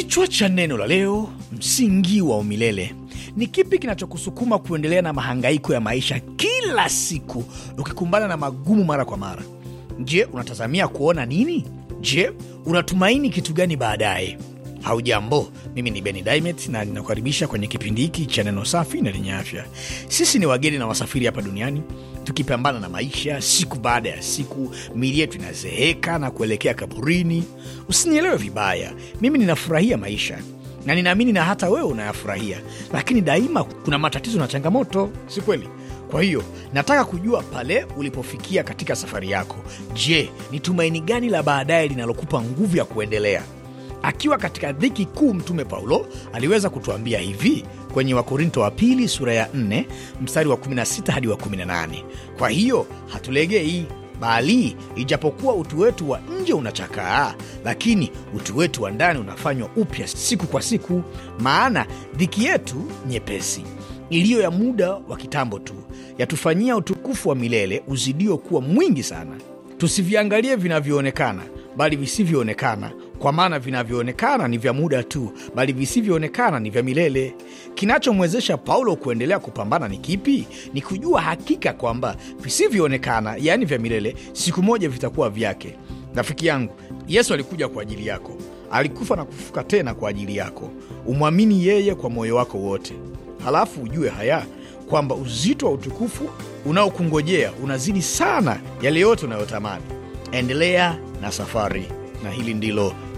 Kichwa cha neno la leo, msingi wa umilele. Ni kipi kinachokusukuma kuendelea na mahangaiko ya maisha kila siku, ukikumbana na magumu mara kwa mara? Je, unatazamia kuona nini? Je, unatumaini kitu gani baadaye? Haujambo, mimi ni Beni Dimet na ninakukaribisha kwenye kipindi hiki cha neno safi na lenye afya. Sisi ni wageni na wasafiri hapa duniani tukipambana na maisha siku baada ya siku, mili yetu inazeeka na kuelekea kaburini. Usinielewe vibaya, mimi ninafurahia maisha na ninaamini na hata wewe unayafurahia, lakini daima kuna matatizo na changamoto, si kweli? Kwa hiyo nataka kujua pale ulipofikia katika safari yako. Je, ni tumaini gani la baadaye linalokupa nguvu ya kuendelea? Akiwa katika dhiki kuu, Mtume Paulo aliweza kutuambia hivi kwenye Wakorinto wa pili sura ya 4 mstari wa 16 hadi wa 18: kwa hiyo hatulegei bali ijapokuwa utu wetu wa nje unachakaa, lakini utu wetu wa ndani unafanywa upya siku kwa siku. Maana dhiki yetu nyepesi iliyo ya muda wa kitambo tu yatufanyia utukufu wa milele uzidio kuwa mwingi sana. Tusiviangalie vinavyoonekana, bali visivyoonekana, kwa maana vinavyoonekana ni vya muda tu, bali visivyoonekana ni vya milele. Kinachomwezesha Paulo kuendelea kupambana ni kipi? Ni kujua hakika kwamba visivyoonekana, yaani vya milele, siku moja vitakuwa vyake. Rafiki yangu, Yesu alikuja kwa ajili yako, alikufa na kufufuka tena kwa ajili yako. Umwamini yeye kwa moyo wako wote, halafu ujue haya kwamba uzito wa utukufu unaokungojea unazidi sana yale yote unayotamani. Endelea na safari, na hili ndilo